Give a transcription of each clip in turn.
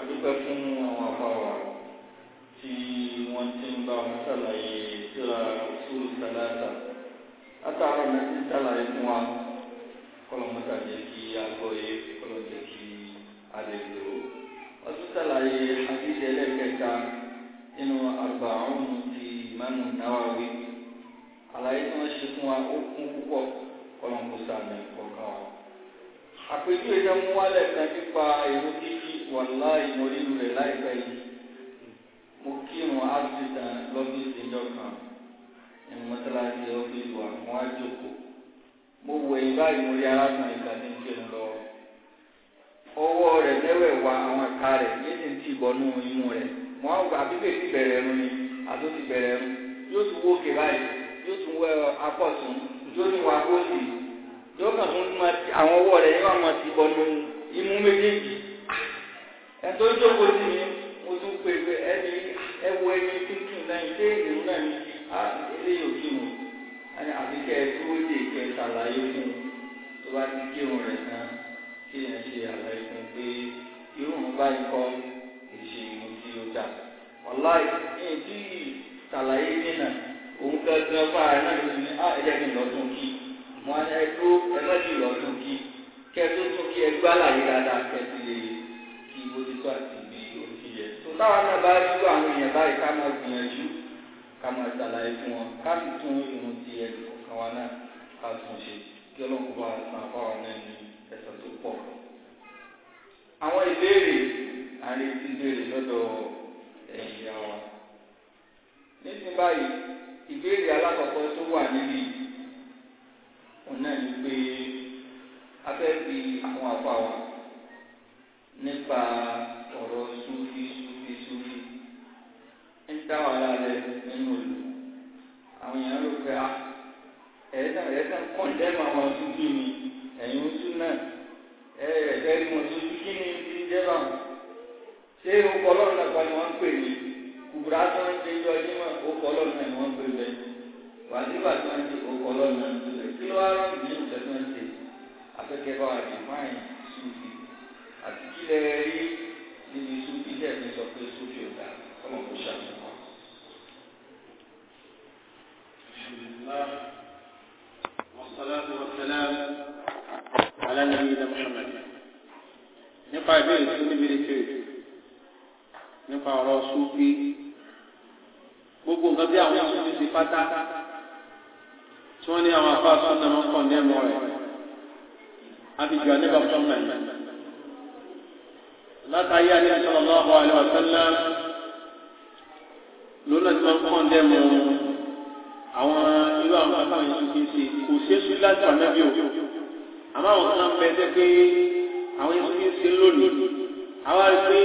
adúpẹ́ fún àwọn àpáwà tí wọ́n ti ń bá wọn ṣàlàyé síra sùúrù sàlátà látàrí náà ti ṣàlàyé fún wa kọlọmọta jẹ́ kí agbọ́yé kọlọmọta kí àlejò wọ́n ti ṣàlàyé àdídẹ ẹlẹ́kẹta nínú àgbàrún ti ìmáàmù Nawawi àlàyé tí wọ́n ṣe fún wa ó kún púpọ̀ kọlọmọta mẹ́kọ àpèjúwe jẹ́ mú wálẹ̀ kan nípa èrò kíkí wàlá ìmọ̀lẹ́lu rẹ̀ láìpẹ́ yìí mo kírun áfíríkà lọ́fíìsì ìjọ kan ẹ̀mú mọ́tàláṣí ọ́fíìsì wà fún àjòkò mo wọ ẹ̀yìn báyìí mo rí arákùnrin kan ní kírun lọ ọwọ́ rẹ̀ mẹ́wẹ̀ẹ̀wá àwọn ẹ̀ka rẹ̀ yéèdì ti bọ̀nú imú rẹ̀ wọ́n àbíkè ti bẹ̀rẹ̀ ẹ̀rù ni àti ó ti bẹ̀rẹ̀ ẹ̀rù yóò tún wó kè báyìí yóò tún wọ yóò kàn tún máa ti àwọn ọwọ́ rẹ̀ máa ti bọnu imú méjèèjì ẹni tó sí mi mo tún pè pé ẹni ẹwọ ẹni tuntun náà ṣé èrò náà ní eléyìí ò kírun ẹni àbíkẹ́ dúró dé ìkẹ́ ṣàlàyé fún tó bá ti kírun rẹ̀ tán kí ẹ ṣe àlàyé fún pé irú òun bá ń ìṣe ìmú tí ó ìdí ṣàlàyé nínà òun gangan fáà náà ló ti ní á kí n lọ tún kí wọn ẹ tó ẹ má jù lọ tún kí kẹ tó tún kí ẹ gbá láyé dáadáa kẹ ti lè kí bó ti tó àti bí òkè yẹ. tó táwọn náà bá dúró àwọn èèyàn báyìí ká máa gbìyànjú ká máa ṣàlàyé fún wọn ká sì tún ìrun ti ẹnì kọ̀ọ̀kan wa náà ká tún ṣe kí ọlọ́run bá san àbáwọn náà ní ẹ̀sán tó pọ̀. àwọn ìbéèrè àárín ti béèrè lọ́dọ̀ ẹ̀yìn ìyá wa. nísìnyí báyìí ìbéèrè alákọ̀ọ́kọ́ tó wà níbi fẹ́ bi fún apá wa nípa ọ̀rọ̀ súnfí súnfí súnfí ń dá wàhálà rẹ̀ nínú ìlú àwọn èèyàn rò pé ah, ẹ̀ẹ́dà àwọn mi oṣù náà kí ni ti ń jẹ́ ṣé ni wọ́n ń pè kùbùrà tó afẹ́kẹ́ bá wà dìmáìn sùfì àti kílẹ̀ rí níbi sùfì tẹ̀ fi sọ pé sùfì ò dá kò ṣàtúnkọ. والصلاة والسلام nípa ìbéèrè tí níbi ìrètí nípa ọ̀rọ̀ súnfí gbogbo nǹkan tí àwọn súnfí ti pátá tí wọ́n ní àwọn afáàsùn náà wọ́n kàn ní ẹ̀mọ́ rẹ̀ àfijọ́ àníbà Muhammad látàyé àníbà sallallahu alaihi wa sallam lọ́nà tí wọ́n kàn dẹ́ mu àwọn irú àwọn akáwọn yìí ti ṣe kò ṣeé ṣú láti wà nábì o àmọ́ àwọn kan bẹ jẹ́ pé àwọn yìí ti ṣe lónìí àwọn àti pé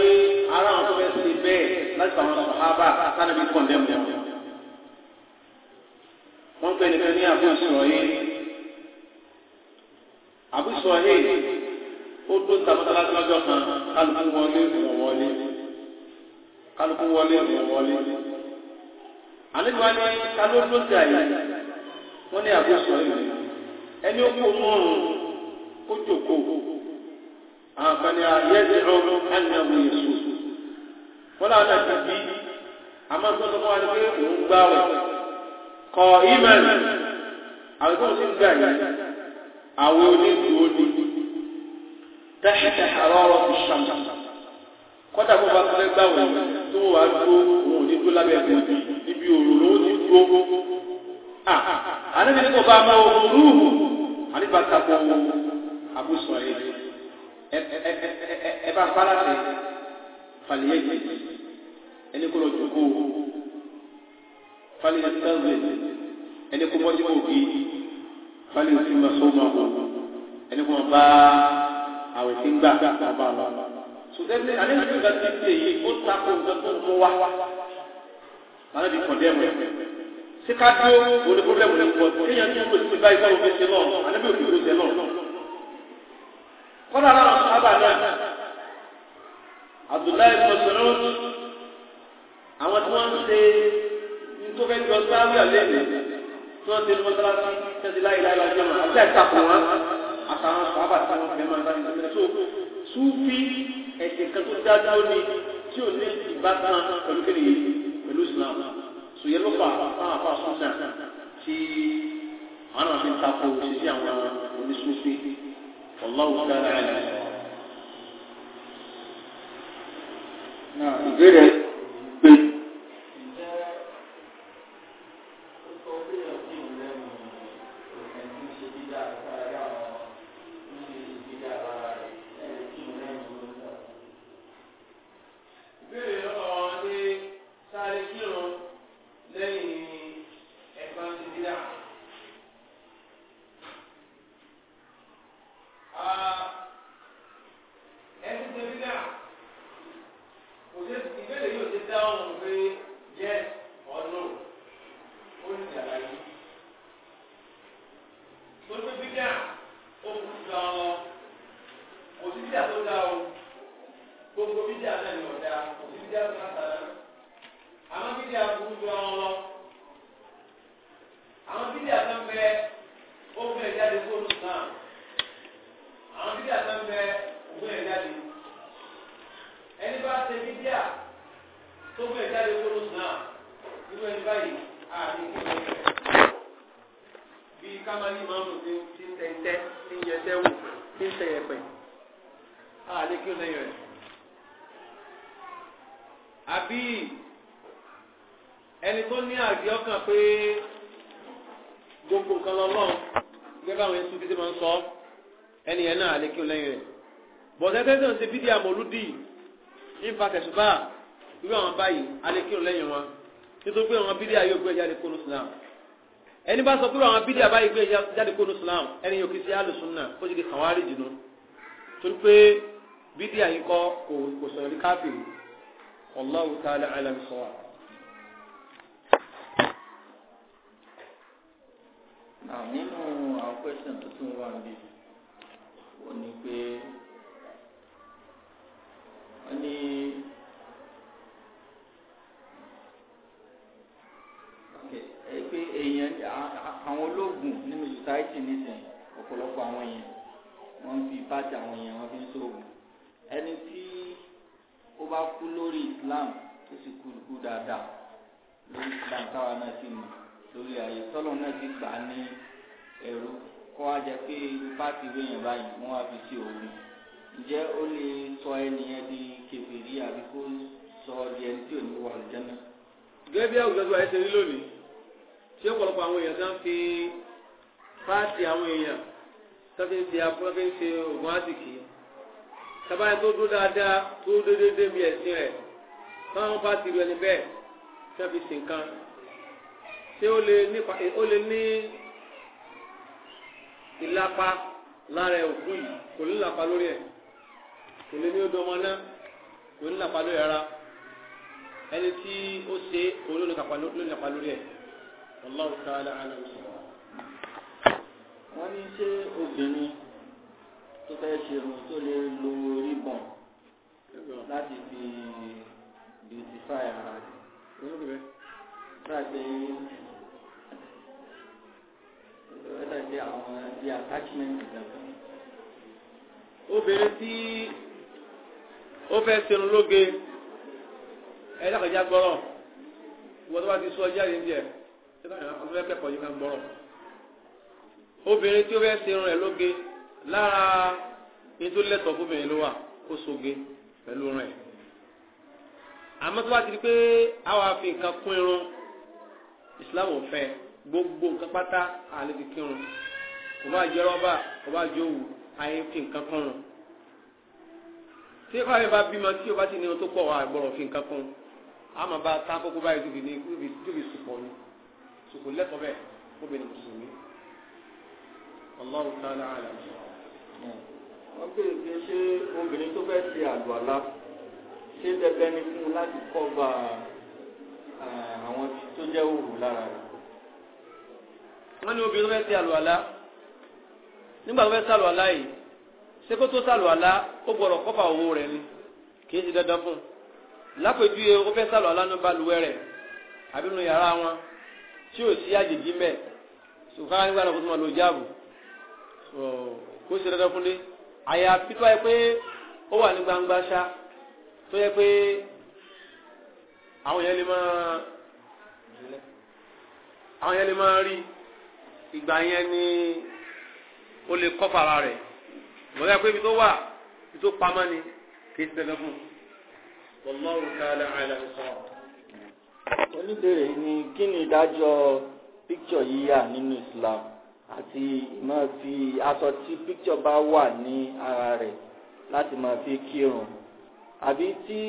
ara àwọn tó fẹ́ ṣe bẹ́ẹ̀ láti àwọn sàhábà sanabi kàn dẹ́ pẹ̀lú pẹ̀lú àbúrò sọ̀rọ̀ yìí àbí sọ̀hẹ́ ó tó ń ta mọ́tàlásí lọ́jọ́ kan kálukú wọlé ìrìn wọlé kálukú wọlé ìrìn wọlé àníbá ní káló ló ti àyè wọ́n ní àbí sọ̀hẹ́ ẹni ó kó mọ́rùn kó jòkó àǹfààní àyẹ́sẹ̀ ọ̀rọ̀ ẹ̀yẹ̀wò yẹ̀sù wọ́n láwọn náà ti bí àmọ́ ìgbọ́dọ̀ wọn ni pé òun gbá wọn kọ ìmẹ̀lì àwọn ìgbọ́dọ̀ ti ń gbà yìí àwọn onídùúró ní tẹ́ṣẹ̀tẹ̀ àrọ́rọ̀ fi ṣàmù kọ́dà bó bá fẹ́ gbàwẹ̀ tó wà dúró òun ò ní dúró lábẹ́ ẹ̀kọ́ níbi òòrùn ló ti dúró. àníbi tó bá máa wọ rúùmù àníbà tako àbúsọ ẹ̀ ẹ bá fara rẹ̀ fàlìyẹ́ yìí ẹni kó lọ jókòó fàlìyẹ́ tẹ́lẹ̀ ẹni kó mọ́jú òkè yìí wọ́n lè fi mọ̀ sóun mọ̀ wọn ẹni kò bá àwẹ̀ tí ń gbà bá wọn. sùdẹ́sẹ̀ alẹ́ ìlú ìgbà tí ń tẹ̀ yìí ó takò nǹkan tó mú wá wọn ti kọ̀dé ẹ̀mọ̀ síkájú òní pọ́blẹ́mù ní pọ̀ kéèyàn tó ń pèsè pé báyìí báwo fẹ́ ṣe lọ́ọ̀ ànábì òbí òbí ṣe lọ́ọ̀ kọ́lá náà sábà náà Abdullahi mọ̀sánọ́t àwọn tí wọ́n ń ṣe ní tó fẹ́ jọ sáré àlẹ́ tí wọ́n ti mọ́sálásí tẹ́sí láìláìlá jẹ́ wọn àti àtàkùn wọn àtàwọn sọ́ábà tí wọ́n fẹ́ máa ń sáré lọ. so súfì ẹ̀sìn kan so yẹ ló fà fáwọn afá súnà tí àwọn àti ń takò sísí àwọn oníṣúfì gbogbo bídíà náà ni ọ̀dà kò sí bídíà tó náà sára àwọn bídíà burú ju àwọn lọ àwọn bídíà tó ń bẹ ogun ẹ̀ jáde fóònù náà àwọn bídíà tó ń bẹ ogun ẹ̀ jáde ẹni bá ṣe bídíà tó gbé jáde fóònù náà irú ẹni báyìí àti ìgbésẹ̀ bíi kámánì máa ń lò sí tẹ̀ntẹ́ sí yẹtẹ́wò sí tẹ̀yẹ̀pẹ̀ àlékún lẹ́yìn rẹ̀ àbí ẹni tó ní àgbẹ̀ ọkàn pé gbogbo nǹkan lọ́lọ́run gẹ́gẹ́ báwọn ẹ̀sùn títí máa ń sọ ẹni yẹn náà lè kí o lẹ́yìn rẹ̀ bọ̀dẹ́gbẹ́ tó ń ṣe bídíà mọ̀lúdì nípa tẹ̀sùbá irú àwọn báyìí a lè o lẹ́yìn wọn nítorí pé àwọn bídíà yóò gbé e jáde kó ní Islam ẹni bá sọ pé àwọn bídíà báyìí gbé e jáde kó ní Islam ẹni yóò kí sí alùsùnà ó ti di kàwárí jùlọ torí pé bídíà yìí kò sọ̀rọ̀ والله تعالى أعلم صواب nínú àwọn question tó tún wà níbi ó ní pé wọ́n ní pé èèyàn àwọn ológun nínú society nísìnyí ọ̀pọ̀lọpọ̀ àwọn èèyàn wọ́n fi pàtì àwọn èèyàn wọ́n fi ń sóògùn ẹni tí ó bá kú lórí islam tó sì kú kú dáadáa lórí islam táwa náà sì mọ lórí ayé tọ́lọ̀ náà ti gbà ní ẹ̀rú kọ́ á jẹ pé bá ti wéyàn báyìí wọ́n á fi sí òun ǹjẹ́ ó lè sọ ẹnìyẹn di kèfèrí àbí kó sọ di ẹni tí ò ní wà lójẹ́ náà. gẹ́gẹ́ bí àwùjọ tí wàá ṣe rí lónìí ṣé ọ̀pọ̀lọpọ̀ àwọn èèyàn kan fi páàtì àwọn èèyàn tó fi ń ṣe ògùn sábàáyé tó dúró dáadáa tó dédédé bí ẹ̀sìn rẹ̀ táwọn bá ti rú ẹni bẹ́ẹ̀ tí wọ́n fi ṣe nǹkan ṣé ó lè ní ó lè ní ìlapa lára òkú yìí kò ní ìlapa lórí ẹ̀ kò lè ní odò ọmọ náà kò ní ìlapa lórí ara ẹni tí ó ṣe olólùkàpá lórí ẹ̀ ọlọ́run ká lára wọ́n ní ṣé obìnrin tó fẹ́ ṣerú tó lè lo ribbon láti fi beautify ara rẹ̀. Láti ẹ̀dá jẹ́ àwọn bí attachment ìjọba. Obìnrin tí ó fẹ́ ṣerun lóge ẹ̀dá kọjá gbọ́rọ̀ wọ́n tó bá ti sọ jáde ní ẹ̀ ṣé báyìí wọ́n fẹ́ kẹ́kọ̀ọ́ yìí máa ń gbọ́rọ̀. Obìnrin tí ó fẹ́ ṣerun rẹ̀ lóge lára ètò lẹ́tọ̀ fúnbìnrin ló wà kó soge pẹ̀lú rẹ̀ àmọ́ tó bá ti di pé àwọn àfi nǹkan kún irun Islam ò fẹ́ gbogbo nǹkan pátá àlebi kírun kò bá jẹ rọ́bà kò bá jẹ òwú ayé fi nǹkan kún un tí ìfà rẹ̀ bá bímọ tí o bá ti ní ohun tó pọ̀ wà gbọ́dọ̀ fi nǹkan kún a máa bá tá kókó báyìí tóbi ní tóbi sùpọ̀ ni sùpọ̀ lẹ́kọ̀ọ́ bẹ́ẹ̀ kó bẹ̀rẹ̀ mùsùlùmí. Allahu ta'ala alam wọ́n pè é ṣé obìnrin tó fẹ́ ṣe àlùwàlá ṣé dandan ni fún un láti kọ́ bá àwọn tó jẹ́ òwò lára rẹ̀. wọ́n ní obìnrin tó fẹ́ ṣe àlùwàlá nígbà tó fẹ́ ṣàlùwàlá yìí ṣé kó tó ṣàlùwàlá ó gbọ́dọ̀ kọ́ bá òwò rẹ̀ ni kì í ṣe dandan fún un lápèjúwe ó fẹ́ ṣàlùwàlá ní balùwẹ̀ rẹ̀ àbí nu yàrá wọn tí ò sí àjèjì mẹ́ẹ̀ sùkúrú àwọn náà kó tó máa lo jáàbù kó ṣe dandan fún lé àyàfi tó yẹ pé ó wà ní gbangba ṣá tó yẹ pé àwọn yẹn lè máa àwọn yẹn rí ìgbà yẹn ni ó lè kọ́ fara rẹ̀ wọ́n yà pé ibi tó wà ibi tó pamọ́ ni kì í ṣe dandan fún ta'ala a'lam bissawab. oníbèrè ni kí ni ìdájọ́ píkṣọ̀ yíyà nínú Islam? àti ma fi aṣọ tí píkṣọ bá wà ní ara rẹ̀ láti máa fi kírun àbí tí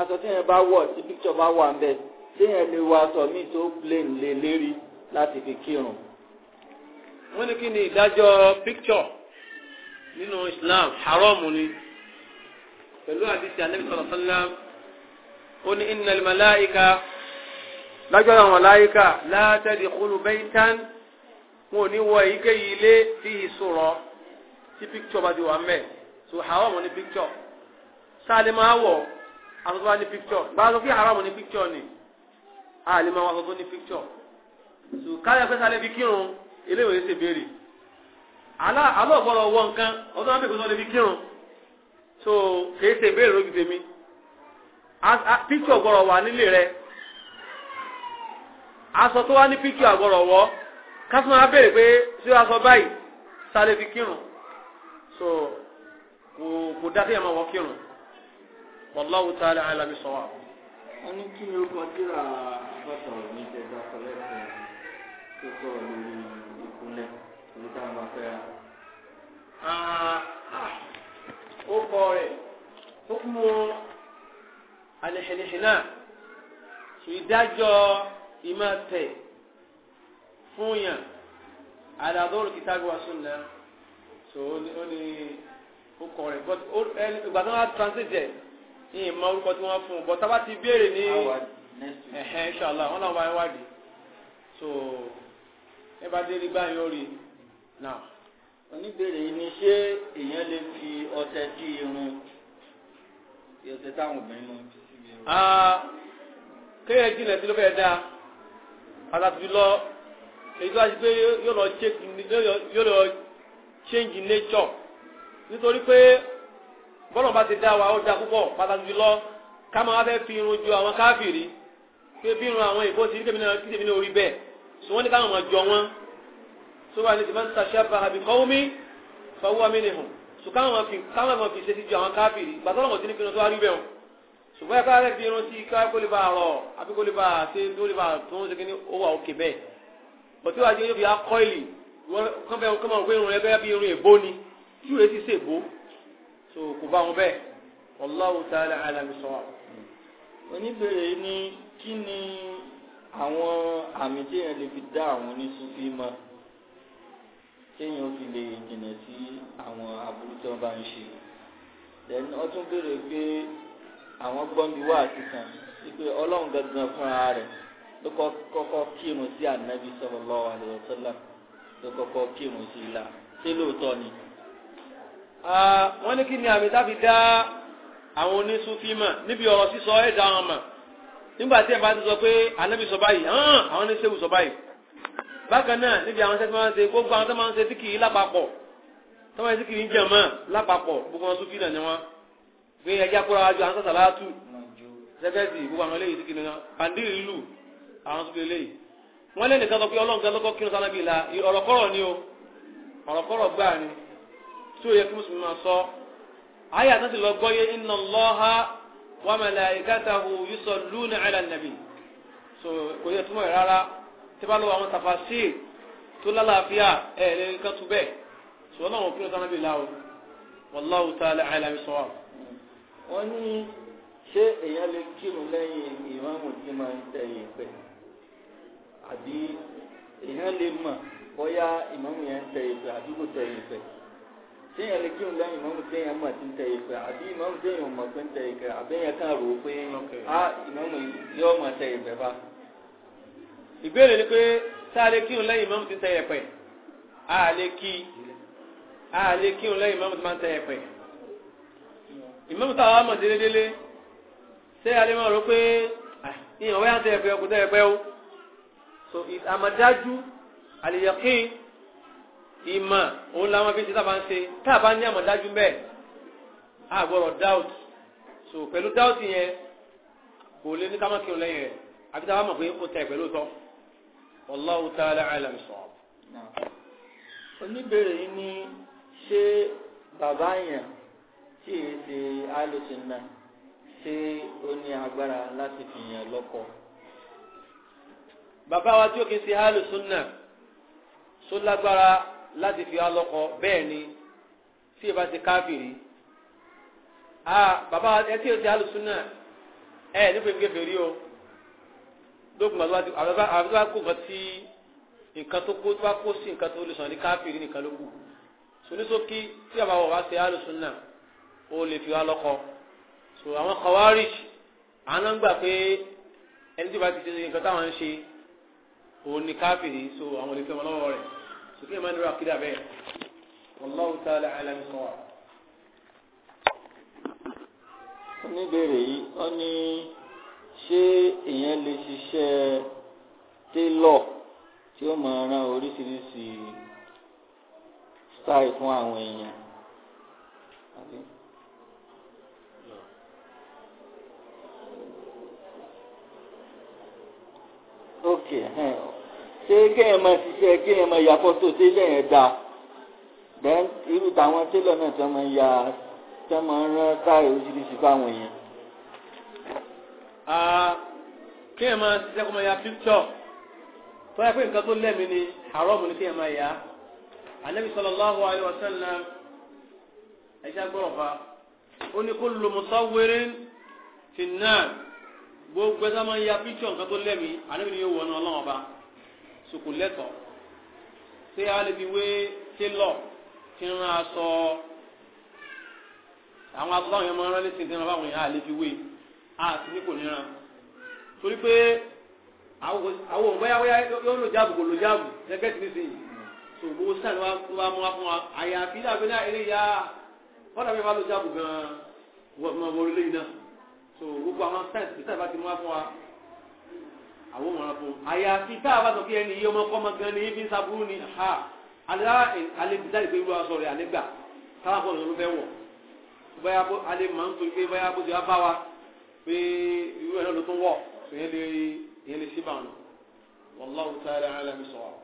aṣọ tí yẹn bá wọ̀ tí píkṣọ bá wà ń bẹ̀ tí yẹn lè wọ aṣọ míì tó plain lé lérí láti fi kírun. wọ́n ní kí ni ìdájọ́ píkṣọ nínú Islam haramu ni pẹ̀lú àdìsí Ànábì sallallahu ó ní innal malaika lájọ́ àwọn màláíkà la tadkhulu baytan. wọn ò ní wọ èyíkéyìí ilé tí ìṣòro tí píkítọ̀ bá wà so haram ní píkítọ̀ sáàlì máa wọ̀ aṣọ bá ní bá ní ni àlè máa wọ ní so káyọ̀ pé sáàlì fi kírun eléwèé ṣe béèrè alọ́ọ̀gbọ́dọ̀ wọ nǹkan ọdún àbẹ̀kọ́ fi kírun so kìí ṣe béèrè lójú tèmi píkítọ̀ gbọ́dọ̀ wà nílé rẹ aṣọ tó wá ní kásìmọ̀ á béèrè pé ṣé wàá sọ báyìí sáré fi kírun so kò kò dá sí ẹ̀ máa wọ kírun wallahu ta'ala àìlàmì sọ̀wọ́. a ní kí ni ó kọ síra àbọ̀sọ̀rọ̀ ní ìjẹta kọlẹ́sìn tó sọ̀rọ̀ lórí ìkúnlẹ̀ orí tá a máa fẹ́ ra. ó kọ ìdájọ́ ìmọ̀ tẹ̀ fún yàn àdàdọ́rù kìtàgbé wa sùn náà so ó ní ó kọ rẹ̀ but ìgbà tí wọ́n á translate ẹ̀ ní ìmọ̀ orúkọ tí wọ́n fún un but tábà ti béèrè ní ẹ̀hẹ́n inshallah wọ́n náà wá wádìí so ẹ bá dé nígbà yóò rí náà. oníbèrè yìí ni ṣé èèyàn lè fi ọṣẹ sí irun ọṣẹ táwọn obìnrin mú. Ah, kéèyàn jìnà sí ló fẹ́ dáa pàtàkì lọ èyí tó a ti pé yóò lọ yóò lọ change nature nítorí pé bọ́lọ̀ bá ti dá wa ó dá púpọ̀ pàtàkì jùlọ ká máa fẹ́ fi irun ju àwọn káfìrí pé bí irun àwọn ìbò ti ní tèmi náà kí tèmi náà orí bẹ́ẹ̀ sọ wọ́n ní káwọn máa jọ wọn tó wà ní tìmọ́tì sàṣẹ́bà àbí kọ́wọ́mí fọwọ́ mi nìhùn sọ káwọn máa fi káwọn máa fi ṣe sí ju àwọn káfìrí gbàtọ́ lọ́wọ́ ti ní kí irun tó wá rí bẹ́ẹ̀ ṣùgbọ́n ẹ̀ká rẹ̀ fi irun sí ká kó lè bá àrọ̀ àbí kó lè bá àṣẹ tó lè bá tó ń ṣe kí ní ó wà òkè bẹ́ẹ̀ bọ̀tí wàá jẹ́ yóò fi akọ́ìlì kán bẹ́ẹ̀ kán máa wọ irun rẹ bẹ́ẹ̀ bí irun èbó ni tí ìrè ti ṣe èbó so kò bá wọn bẹ́ẹ̀ Allahu ta'ala alami sọ àwọn. oníbèrè ni kí ni àwọn àmì téèyàn lè fi dá àwọn oníṣúfì mọ̀ téèyàn fi lè jìnà sí àwọn aburú tí wọ́n bá ń ṣe then wọ́n tún béèrè pé àwọn gbọ́n bí wà á ti kàn sí pé ọlọ́run gangan fúnra rẹ̀ ló kọ́kọ́ kírun sí ànábi sallallahu alaihi wasallam ló kọ́kọ́ kírun sí ilá ṣé lóòótọ́ ni. wọ́n ní kí ni àmì tábí dá àwọn onísúfí mọ̀ níbi ọ̀rọ̀ sísọ ẹ̀dá wọn mọ̀ nígbà tí ẹ bá ti sọ pé ànábi sọ báyìí àwọn oníṣẹ́wù sọ báyìí bákan náà níbi àwọn sẹ́tí máa ń ṣe gbogbo àwọn tó máa ń ṣe síkìrì lápapọ̀ tó máa ń síkìrì ń jẹ̀ mọ́ lápapọ̀ gbogbo wọn súfì náà ni wọn gbé ẹjẹ́ kóra wájú àwọn sọ̀tà àwọn tó lélẹ́yìí wọ́n lé nìkan sọ pé ọlọ́run gan lọ́kọ́ kí wọ́n sálábì la ọ̀rọ̀kọ́rọ̀ ni o ọ̀rọ̀kọ́rọ̀ gbáà ni tí ó yẹ kí mùsùlùmí máa sọ ayé àtàtì lọ gbọ́yé inna Allaha wa malaikatahu yusalluna ala nabi so kò yẹ túmọ̀ rárá tí bá lọ́wọ́ àwọn tafasir tó lálàáfíà ẹ̀ lè nǹkan tó bẹ́ẹ̀ sọ ọlọ́run kí wọ́n sálábì la o wallahu ta'ala a'lam sawab. wọ́n ní ṣé èèyàn lè kírun lẹ́yìn ìmáàmù tí máa ń tẹ̀yìn pẹ̀lú àbí èèyàn lè mọ̀ bóyá ìmáàmù ya ń tẹ ìpẹ́ àbí kò tẹ ìpẹ́ téèyàn lè kírun lẹ́yìn ìmáàmù téèyàn mọ̀ tí ń àbí ìmáàmù téèyàn mọ̀ pé ń tẹ ìpẹ́ àbẹ́yẹn kàn rò ó pé á ìmáàmù yóò mọ̀ tẹ ìpẹ́ ìbéèrè ni pé tá kí n lè imamu ti ìmáàmù tí o. so àmọ̀dájú àlìyàkín ìmọ̀ òun làwọn fi ṣe tábà ń ṣe tábà ní àmọ̀dájú bẹ́ẹ̀ àgbọ̀rọ̀ doubt so pẹ̀lú doubt yẹn kò lè ní ká má kírun lẹ́yìn rẹ̀ àbí tábà mọ̀ pé ó tẹ̀ pẹ̀lú tọ́ wallahu ta'ala alam sọ. oníbèrè yìí ní ṣé bàbá yẹn tí èyí ṣe alùsùn se o ó ní agbára láti fìyàn lọ́kọ̀ọ́ bàbá wa tí ó kì í ṣe hálù súnà só lágbára láti fi alọ́kọ bẹ́ẹ̀ ni tí ìbá ti káfìrí a bàbá ẹ tí ó ṣe hálù súnà ẹ nífẹ̀ẹ́ gbẹ̀fẹ̀ rí o lókun àti àbúrò kó nǹkan tí nǹkan tó kó tó bá kó sí nǹkan tó lè sàn ní káfìrí nìkan ló kù sonísókí tí bàbá wa wá ṣe hálù ó lè fi wá so àwọn kọ̀wárìṣ àwọn náà ń gbà pé ẹni tí ó ti ṣe nǹkan táwọn ń ṣe òun ni káfíìrì so àwọn olùkọ́ ọmọ lọ́wọ́ rẹ̀ sókè máa ń dúró àkídà bẹ́ẹ̀ wallahu ta'ala alam sọ. oníbèrè yìí ó ní ṣé èèyàn lè ṣiṣẹ́ télọ̀ tí ó máa rán oríṣiríṣi style fún àwọn èèyàn. ok ṣé kéèyàn máa ṣiṣẹ́ kéèyàn máa ya fọ́tò télẹ̀ yẹn dáa then irú táwọn télọ̀ náà tó máa ya tó máa rán táyà oríṣiríṣi fáwọn èèyàn. kéèyàn máa ṣiṣẹ́ kó máa ya picture tó yẹ pé nǹkan tó lẹ́mìí ni haram ni kéèyàn máa ya anabi sallallahu alayhi wa sallam ẹ̀ṣẹ́ gbọ́rọ̀ fa ó ní kullu musawwirin fi nnar gbogbo ẹsẹ máa ń ya píṣọ nǹkan tó lẹ́mí ànábì ni yóò wọ ọ̀nà ọlọ́wọ́n ba sòkò lẹ́tọ̀ ṣé a lè wé télọ̀ tí ń rán aṣọ àwọn aṣọ táwọn yẹn máa ń rán nísìnyí tí ń rán yẹn a wé a ní kò ní torí pé àwọn òun bóyá bóyá yóò lò jáàbù kò lò jáàbù gẹ́gẹ́ ti nísìnyí so gbogbo sáà ni wọ́n bá mú wa fún wa àyàfi dàbí náà eré ya kọ́dà mi bá lò jáàbù gan-an wọ́n fi so gbogbo àwọn sẹ́ǹsì tí sábà ti mú wá fún wa àwọn ọmọ fún àyàfi tá a bá sọ pé ẹni yìí ọmọ gan ni ibi sábúrú ni ha alẹ́bíjáde pé irú aṣọ rẹ̀ àlẹ́gbà táwọn afọ ìṣòro fẹ́ wọ̀ bóyá alẹ́ máa ń torí pé bóyá bó ti wá bá wa pé irú ẹ̀ náà ló tún wọ̀ so yẹn lè ṣí bá wọn wallahu ta'ala a'lam sọ̀rọ̀.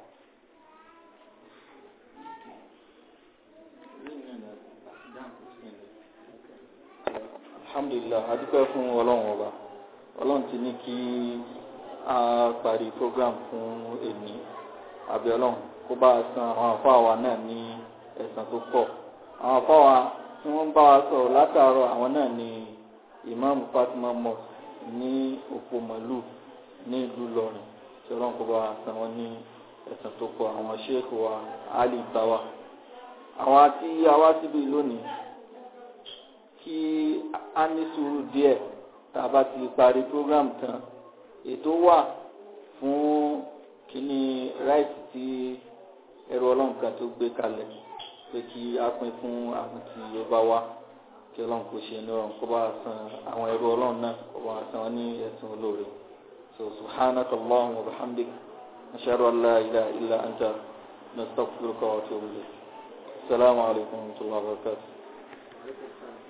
alhamdulillah adúpẹ́ fún ọlọ́run ọba ọlọ́run ti ní kí a parí program fún èmi àbẹ̀ ọlọ́run kó bá a san àwọn àfáàwà náà ní ẹ̀san tó pọ̀ àwọn àfáàwà tí wọ́n bá wa sọ̀rọ̀ látàárọ̀ àwọn náà ni imam fatima mosque ní òpó màlúù ní ìlú lọrin tí ọlọ́run kó bá wa san wọn ní ẹ̀san tó pọ̀ àwọn sheikh wa ali tawa àwọn àti àwa síbi lónìí kí a ní sùúrù díẹ̀ tá a bá ti parí program tán ètò wà fún kíní ráìsì tí ẹrù ọlọ́run kan tó gbé kalẹ̀ pé kí a pín fún àwọn tí ó bá wá kí ọlọ́run kò ṣe ní ọ̀run kó bá san àwọn ẹrù ọlọ́run náà kó bá san ní ẹ̀sùn olóore so subhanaka allahumma wa bihamdik ashhadu an la ilaha anta nastaghfiruka wa atubu ilayk assalamu alaikum wa rahmatullahi wa